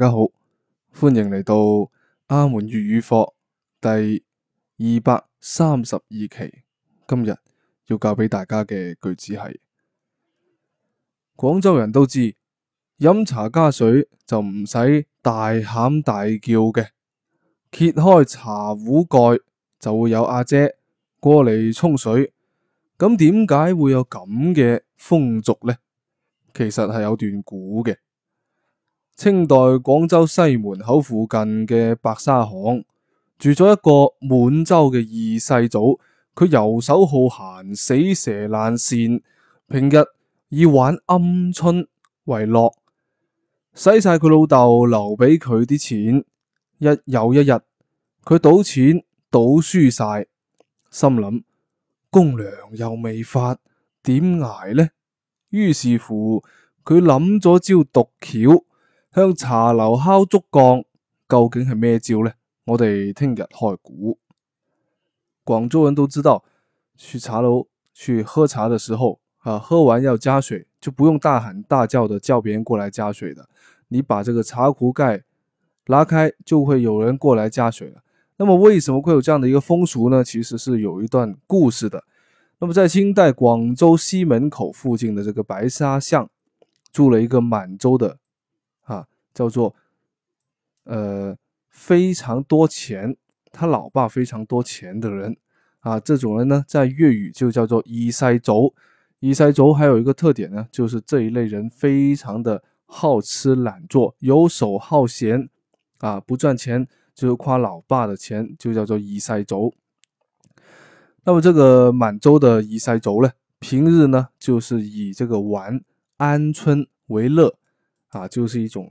大家好，歡迎嚟到阿門粵語課第二百三十二期。今日要教俾大家嘅句子係：廣州人都知，飲茶加水就唔使大喊大叫嘅，揭開茶壺蓋就會有阿姐過嚟沖水。噉點解會有咁嘅風俗呢？其實係有段古嘅。清代廣州西門口附近嘅白沙巷住咗一個滿洲嘅二世祖，佢游手好閒，死蛇爛鱔，平日以玩鵪鶉為樂，使晒佢老豆留俾佢啲錢。一又一日，佢賭錢賭輸晒，心諗公糧又未發，點捱呢？於是乎，佢諗咗招毒橋。向茶樓敲竹槓，究竟係咩招呢？我哋聽日開估。廣州人都知道，去茶樓去喝茶的時候，啊，喝完要加水，就不用大喊大叫的叫別人過來加水的，你把這個茶壺蓋拉開，就會有人過來加水了。那麼為什麼會有這樣的一個風俗呢？其實是有一段故事的。那麼在清代廣州西門口附近的這個白沙巷，住了一個滿洲的。叫做，呃，非常多錢，他老爸非常多錢的人，啊，這種人呢，在粵語就叫做二世祖。二世祖還有一個特點呢，就是這一類人非常的好吃懶做，游手好閒，啊，不賺錢就是誇老爸的錢，就叫做二世祖。那麼這個滿洲的二世祖呢，平日呢就是以這個玩鵪鶉為樂，啊，就是一種。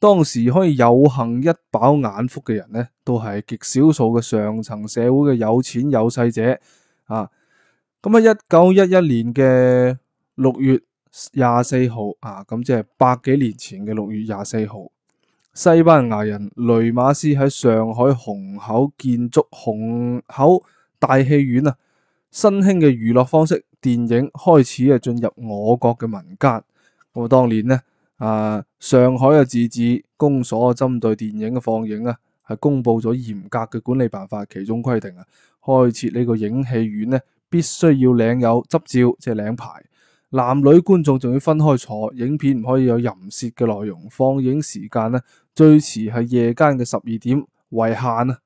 當時可以有幸一飽眼福嘅人呢，都係極少數嘅上層社會嘅有錢有勢者啊！咁啊，一九一一年嘅六月廿四號啊，咁即係百幾年前嘅六月廿四號，西班牙人雷馬斯喺上海虹口建築虹口大戲院啊，新興嘅娛樂方式電影開始啊進入我國嘅民間。我啊，當年呢。啊！上海嘅自治公所針對電影嘅放映啊，係公布咗嚴格嘅管理辦法，其中規定啊，開設呢個影戲院呢，必須要領有執照，即係領牌，男女觀眾仲要分開坐，影片唔可以有淫褻嘅內容，放映時間呢最遲係夜間嘅十二點為限啊！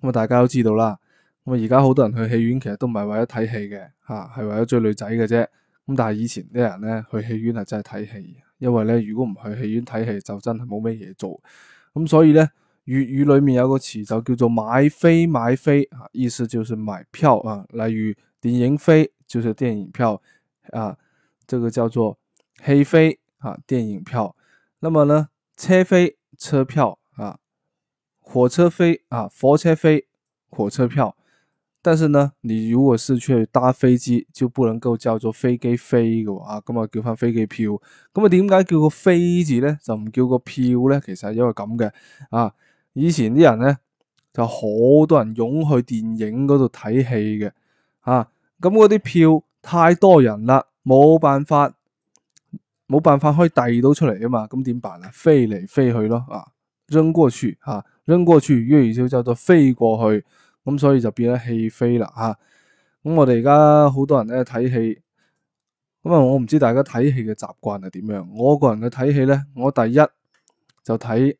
咁啊，大家都知道啦，咁啊，而家好多人去戲院其實都唔係為咗睇戲嘅，吓、啊、係為咗追女仔嘅啫。咁但係以前啲人咧，去戲院係真係睇戲。因為咧如果唔去戲院睇戲就真係冇咩嘢做，咁所以咧粵語，語裡面有個詞就叫做買飛，買飛啊，意思就是買票啊，例如電影飛，就是電影票啊，這個叫做戲飛啊，電影票。那麼呢車飛車票啊，火車飛啊，火車飛、啊、火車飛、火車飛火車票。但是呢，你如果是出去搭飛機，就不能夠叫做飛機飛嘅話，咁啊叫翻飛機票。咁啊，點解叫個飛字呢？就唔叫個票呢？其實係因為咁嘅。啊，以前啲人呢就好多人湧去電影嗰度睇戲嘅。啊，咁嗰啲票太多人啦，冇辦法，冇辦法可以遞到出嚟啊嘛。咁點辦啊？飛嚟飛去咯，啊，扔過去，啊，扔過去，粵、啊、語就叫做飛過去。咁所以就變咗戲飛啦吓，咁、啊、我哋而家好多人咧睇戲，咁啊、嗯、我唔知大家睇戲嘅習慣係點樣。我個人嘅睇戲咧，我第一就睇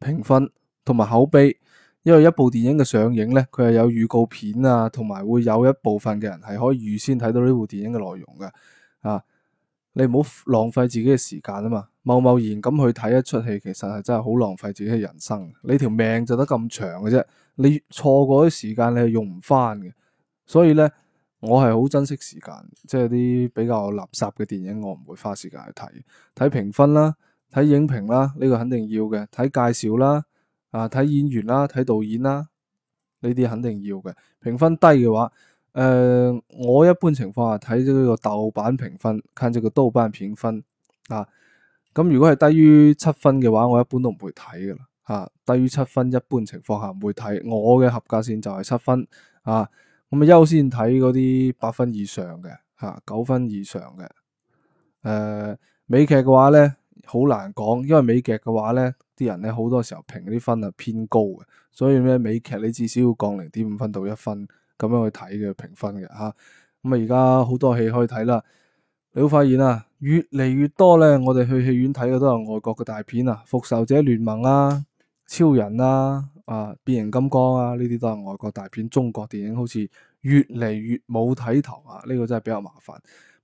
評分同埋口碑，因為一部電影嘅上映咧，佢係有預告片啊，同埋會有一部分嘅人係可以預先睇到呢部電影嘅內容嘅啊。你唔好浪費自己嘅時間啊嘛，貿貿然咁去睇一出戲，其實係真係好浪費自己嘅人生。你條命就得咁長嘅啫。你錯過啲時間，你係用唔翻嘅，所以咧，我係好珍惜時間，即係啲比較垃圾嘅電影，我唔會花時間去睇，睇評分啦，睇影評啦，呢個肯定要嘅，睇介紹啦，啊，睇演員啦，睇導演啦，呢啲肯定要嘅。評分低嘅話，誒，我一般情況下睇咗呢個豆瓣評分，看咗個豆瓣評分，啊，咁如果係低於七分嘅話，我一般都唔會睇噶啦。低於，七分一般情況下唔會睇。我嘅合格線就係七分啊。咁、嗯、啊，優先睇嗰啲八分以上嘅啊，九分以上嘅。誒、呃，美劇嘅話咧，好難講，因為美劇嘅話咧，啲人咧好多時候評啲分啊偏高嘅，所以咧美劇你至少要降零點五分到一分咁樣去睇嘅評分嘅吓。咁啊，而家好多戲可以睇啦，你會發現啊，越嚟越多咧。我哋去戲院睇嘅都係外國嘅大片啊，《復仇者聯盟》啊。超人啦、啊，啊、呃，變形金剛啊，呢啲都係外國大片，中國電影好似越嚟越冇睇頭啊！呢、呢個真係比較麻煩，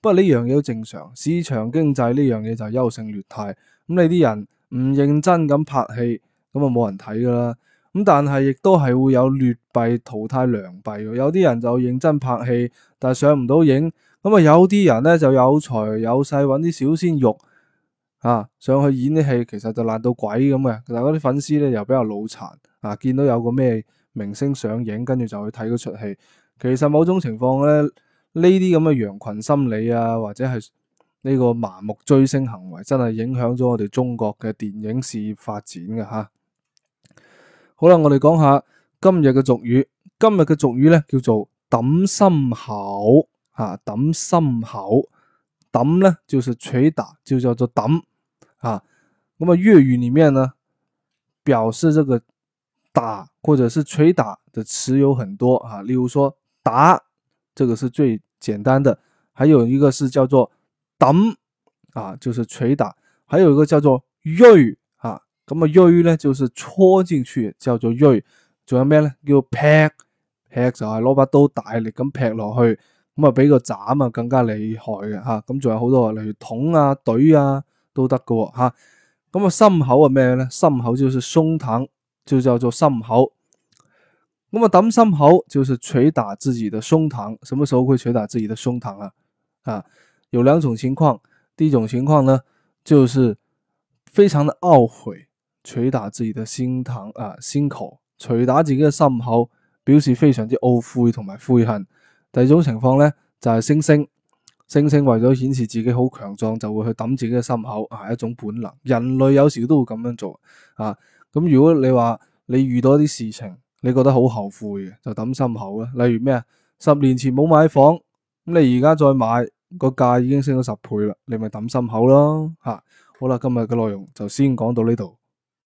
不過呢樣嘢都正常。市場經濟呢樣嘢就優勝劣汰，咁你啲人唔認真咁拍戲，咁啊冇人睇㗎啦。咁但係亦都係會有劣幣淘汰良幣，有啲人就認真拍戲，但係上唔到影，咁啊有啲人咧就有財有勢揾啲小鮮肉。啊，上去演啲戲其實就爛到鬼咁嘅，但係啲粉絲咧又比較腦殘，啊，見到有個咩明星上映，跟住就去睇嗰出戲。其實某種情況咧，呢啲咁嘅羊群心理啊，或者係呢個盲目追星行為，真係影響咗我哋中國嘅電影事業發展嘅吓，啊。好啦，我哋講下今日嘅俗語。今日嘅俗語咧叫做抌心口，啊，抌心口，抌咧，叫做取打，就叫做抌。啊，咁啊，粵語裏面呢，表示這個打或者是捶打的詞有很多啊，例如說打，這個是最簡單的，還有一個是叫做抌，啊，就是捶打，還有一個叫做銳，啊，咁啊銳呢，就是戳進去，叫做銳，仲有咩呢？叫劈，劈就係攞把刀大力咁劈落去，咁啊比個斬啊更加厲害嘅，啊，吓，咁仲有好多啊，例如捅啊、懟啊。都得嘅吓，咁啊心口係咩咧？心口就是胸膛，就叫做心口。咁啊揼心口，就是捶打自己的胸膛。什麼時候會捶打自己的胸膛啊？啊，有兩種情況。第一種情況呢，就是非常的懊悔，捶打自己的心膛啊，心口，捶打自己嘅心口，表示非常之懊悔同埋悔恨。第二種情況呢，就係、是、星星。猩猩為咗顯示自己好強壯，就會去抌自己嘅心口，係一種本能。人類有時都會咁樣做啊。咁如果你話你遇到啲事情，你覺得好後悔嘅，就抌心口啦。例如咩啊，十年前冇買房，咁你而家再買，個價,價已經升咗十倍啦，你咪抌心口咯。吓、啊，好啦，今日嘅內容就先講到呢度。